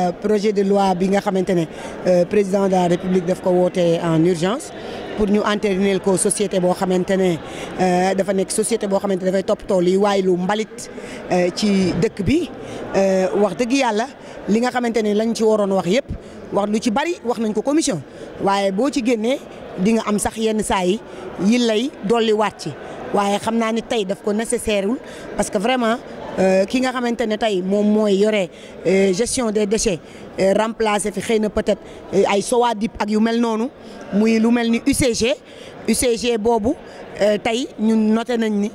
Euh, projet de loi bi nga xamante ne euh, président de la république daf ko wootee en urgence pour ñu entériner ko société boo xamante ne euh, dafa nekk société boo xamante ne dafay toppatoo liy waay lu mbalit ci dëkk bi wax dëgg yàlla li nga xamante ne lañ ci waroon wax yëpp wax lu ci bari wax nañ ko commission waaye boo ci génnee di nga am sax yenn saa yi yi dolli waat ci waaye xam naa ni tey daf ko nécessaire parce que vraiment euh, ki nga xamante ne tey moom mooy yore euh, gestion des déchets euh, remplacer fi xëy na peut-être ay Sowadip ak yu mel noonu muy lu mel ni UCG UCG boobu tey ñun note nañ ni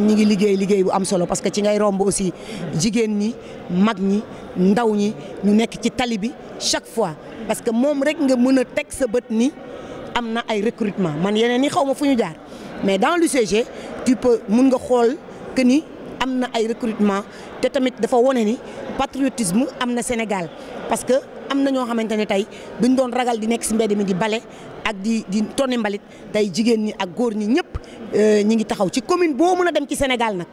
ñu ngi liggéey liggéey bu am solo parce que ci ngay romb aussi jigéen ñi mag ñi ndaw ñi ñu nekk ci tali bi chaque fois parce que moom rek nga mën a teg sa bët ni am na ay recrutement man yeneen yi xaw ma fu ñu jaar. mais dans l'UCG tu peux mun nga xool que ni am na ay recrutement te tamit dafa wone ni patriotisme am na Sénégal parce que am na ñoo xamante ni tey duñ doon ragal di nekk si mbedd mi di bale ak di di tonni mbalit tey jigéen ñi ak góor ñi ñëpp euh, ñu ngi taxaw ci commune boo mën a dem ci Sénégal nag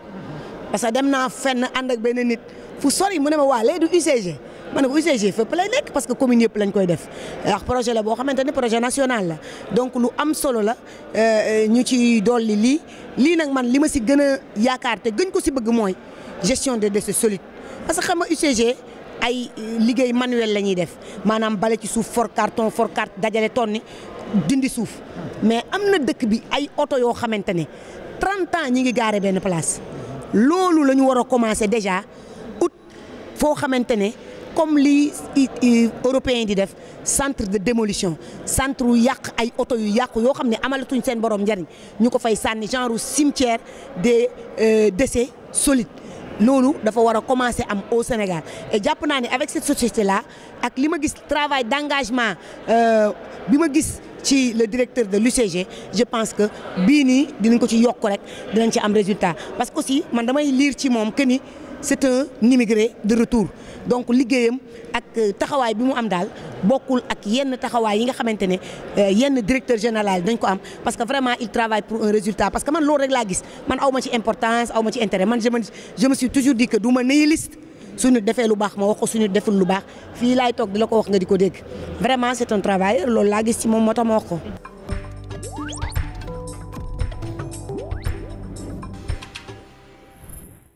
parce que dem naa fenn ànd ak benn nit fu sori mu ne ma waa léegi du UCG ma ne UCG fépp lay nekk parce que commune yëpp lañ koy def ndax projet la boo xamante ne projet national la donc lu am solo la euh, ñu ci dolli lii lii nag man li ma si gën a yaakaar te gën ko si bëgg mooy gestion des déchets solides parce que xam nga UCG ay liggéey manuel la ñuy def maanaam bale ci suuf for carton for carte dajale tonni dindi suuf mais am na dëkk bi ay oto yoo xamante ne 30 ans ñi ngi gaare benn place loolu lañu ñu war a commencer déjà ut foo xamante ne. comme li européens yi di def centre de démolition centre yu yàq ay oto yu yàqu yoo xam ne amalatuñ seen borom njariñ ñu ko fay sànni genre cimetière des euh, déchets solides loolu dafa war a commencer am au Sénégal et jàpp naa ne avec cette société la ak li ma gis travail d'engagement euh, bi ma gis ci le directeur de l'UCG je pense que bii nii dinañ ko ci yokk rek dinañ ci am résultat parce que aussi man damay lire ci moom que ni. c'est un immigré de retour donc liggéeyam ak euh, taxawaay bi mu am daal bokkul ak yenn taxawaay yi nga xamante ne euh, yenn directeur général dañ ko am parce que vraiment il travaille pour un résultat parce que man loolu rek laa gis man aw ma ci importance aw ma ci intérêt man je me toujours dit que du ma nihiliste suñu defee lu baax ma wax ko suñu deful lu baax fii laay toog di la ko wax nga di ko dégg vraiment c'est un travailleur loolu laa gis ci moom moo tax ma wax ko.